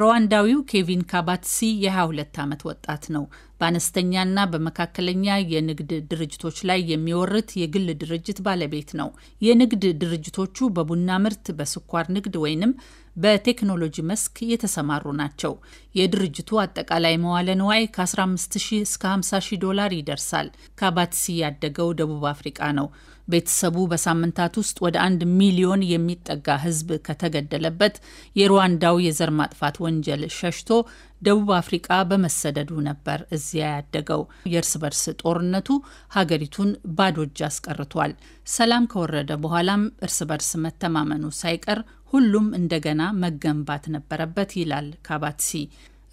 ሩዋንዳዊው ኬቪን ካባትሲ የ22 ዓመት ወጣት ነው። በአነስተኛና በመካከለኛ የንግድ ድርጅቶች ላይ የሚወርት የግል ድርጅት ባለቤት ነው። የንግድ ድርጅቶቹ በቡና ምርት፣ በስኳር ንግድ ወይንም በቴክኖሎጂ መስክ የተሰማሩ ናቸው። የድርጅቱ አጠቃላይ መዋለ ንዋይ ከ 15 እስከ 50 ዶላር ይደርሳል። ካባትሲ ያደገው ደቡብ አፍሪቃ ነው። ቤተሰቡ በሳምንታት ውስጥ ወደ አንድ ሚሊዮን የሚጠጋ ሕዝብ ከተገደለበት የሩዋንዳው የዘር ማጥፋት ወንጀል ሸሽቶ ደቡብ አፍሪቃ በመሰደዱ ነበር እዚያ ያደገው። የእርስ በርስ ጦርነቱ ሀገሪቱን ባዶ እጅ አስቀርቷል። ሰላም ከወረደ በኋላም እርስ በርስ መተማመኑ ሳይቀር ሁሉም እንደገና መገንባት ነበረበት ይላል ካባትሲ።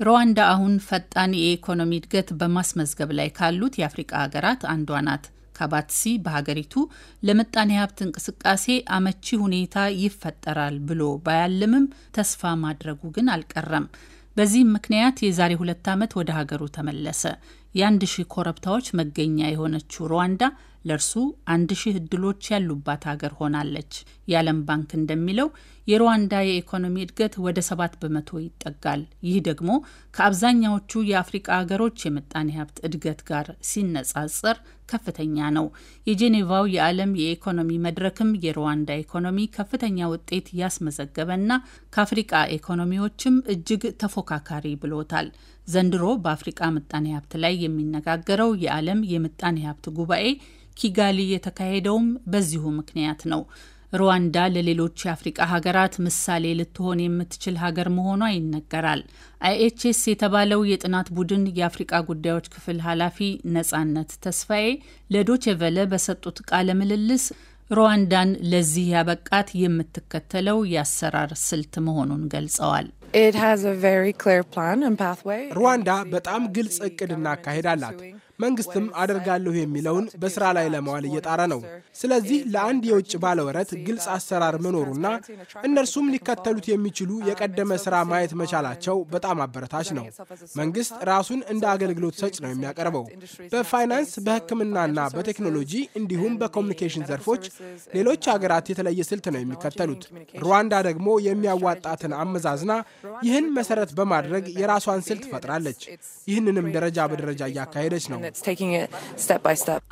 ሩዋንዳ አሁን ፈጣን የኢኮኖሚ እድገት በማስመዝገብ ላይ ካሉት የአፍሪቃ ሀገራት አንዷ ናት። ካባትሲ በሀገሪቱ ለምጣኔ ሀብት እንቅስቃሴ አመቺ ሁኔታ ይፈጠራል ብሎ ባያልምም ተስፋ ማድረጉ ግን አልቀረም። በዚህም ምክንያት የዛሬ ሁለት ዓመት ወደ ሀገሩ ተመለሰ። የአንድ ሺህ ኮረብታዎች መገኛ የሆነችው ሩዋንዳ ለእርሱ አንድ ሺህ እድሎች ያሉባት ሀገር ሆናለች። የዓለም ባንክ እንደሚለው የሩዋንዳ የኢኮኖሚ እድገት ወደ ሰባት በመቶ ይጠጋል። ይህ ደግሞ ከአብዛኛዎቹ የአፍሪቃ ሀገሮች የምጣኔ ሀብት እድገት ጋር ሲነጻጸር ከፍተኛ ነው። የጄኔቫው የዓለም የኢኮኖሚ መድረክም የሩዋንዳ ኢኮኖሚ ከፍተኛ ውጤት ያስመዘገበና ከአፍሪቃ ኢኮኖሚዎችም እጅግ ተፎካካሪ ብሎታል። ዘንድሮ በአፍሪቃ ምጣኔ ሀብት ላይ የሚነጋገረው የዓለም የምጣኔ ሀብት ጉባኤ ኪጋሊ የተካሄደውም በዚሁ ምክንያት ነው። ሩዋንዳ ለሌሎች የአፍሪቃ ሀገራት ምሳሌ ልትሆን የምትችል ሀገር መሆኗ ይነገራል። አይኤችኤስ የተባለው የጥናት ቡድን የአፍሪቃ ጉዳዮች ክፍል ኃላፊ ነጻነት ተስፋዬ ለዶቼቨለ በሰጡት ቃለ ምልልስ ሩዋንዳን ለዚህ ያበቃት የምትከተለው የአሰራር ስልት መሆኑን ገልጸዋል። ሩዋንዳ በጣም ግልጽ እቅድና አካሄድ አላት። መንግስትም አደርጋለሁ የሚለውን በስራ ላይ ለመዋል እየጣረ ነው። ስለዚህ ለአንድ የውጭ ባለወረት ግልጽ አሰራር መኖሩና እነርሱም ሊከተሉት የሚችሉ የቀደመ ስራ ማየት መቻላቸው በጣም አበረታች ነው። መንግስት ራሱን እንደ አገልግሎት ሰጭ ነው የሚያቀርበው። በፋይናንስ በሕክምናና በቴክኖሎጂ እንዲሁም በኮሚኒኬሽን ዘርፎች ሌሎች ሀገራት የተለየ ስልት ነው የሚከተሉት። ሩዋንዳ ደግሞ የሚያዋጣትን አመዛዝና ይህን መሰረት በማድረግ የራሷን ስልት ፈጥራለች። ይህንንም ደረጃ በደረጃ እያካሄደች ነው።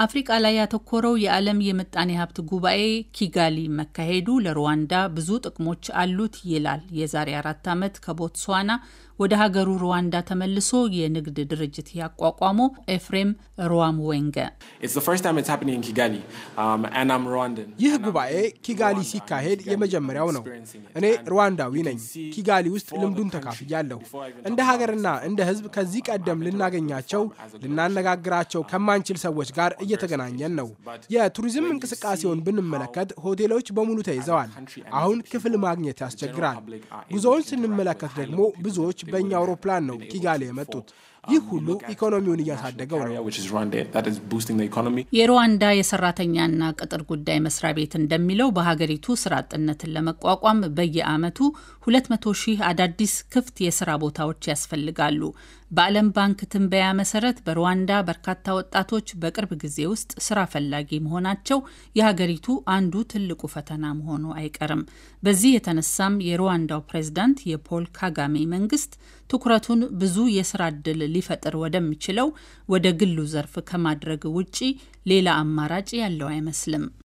አፍሪቃ ላይ ያተኮረው የዓለም የምጣኔ ሀብት ጉባኤ ኪጋሊ መካሄዱ ለሩዋንዳ ብዙ ጥቅሞች አሉት ይላል የዛሬ አራት ዓመት ከቦትስዋና ወደ ሀገሩ ሩዋንዳ ተመልሶ የንግድ ድርጅት ያቋቋመው ኤፍሬም ሩዋም ወንገ um, ይህ ጉባኤ ኪጋሊ ሲካሄድ የመጀመሪያው ነው። እኔ ሩዋንዳዊ ነኝ። ኪጋሊ ውስጥ ልምዱን ተካፍያለሁ። እንደ ሀገርና እንደ ሕዝብ ከዚህ ቀደም ልናገኛቸው ልናነጋግራቸው ከማንችል ሰዎች ጋር እየተገናኘን ነው። የቱሪዝም እንቅስቃሴውን ብንመለከት ሆቴሎች በሙሉ ተይዘዋል። አሁን ክፍል ማግኘት ያስቸግራል። ጉዞውን ስንመለከት ደግሞ ብዙዎች በእኛ አውሮፕላን ነው ኪጋሌ የመጡት። ይህ ሁሉ ኢኮኖሚውን እያሳደገው ነው። የሩዋንዳ የሰራተኛና ቅጥር ጉዳይ መስሪያ ቤት እንደሚለው በሀገሪቱ ስራ አጥነትን ለመቋቋም በየአመቱ 200 ሺህ አዳዲስ ክፍት የስራ ቦታዎች ያስፈልጋሉ። በዓለም ባንክ ትንበያ መሰረት በሩዋንዳ በርካታ ወጣቶች በቅርብ ጊዜ ውስጥ ስራ ፈላጊ መሆናቸው የሀገሪቱ አንዱ ትልቁ ፈተና መሆኑ አይቀርም። በዚህ የተነሳም የሩዋንዳው ፕሬዝዳንት የፖል ካጋሜ መንግስት ትኩረቱን ብዙ የስራ እድል ሊፈጥር ወደሚችለው ወደ ግሉ ዘርፍ ከማድረግ ውጪ ሌላ አማራጭ ያለው አይመስልም።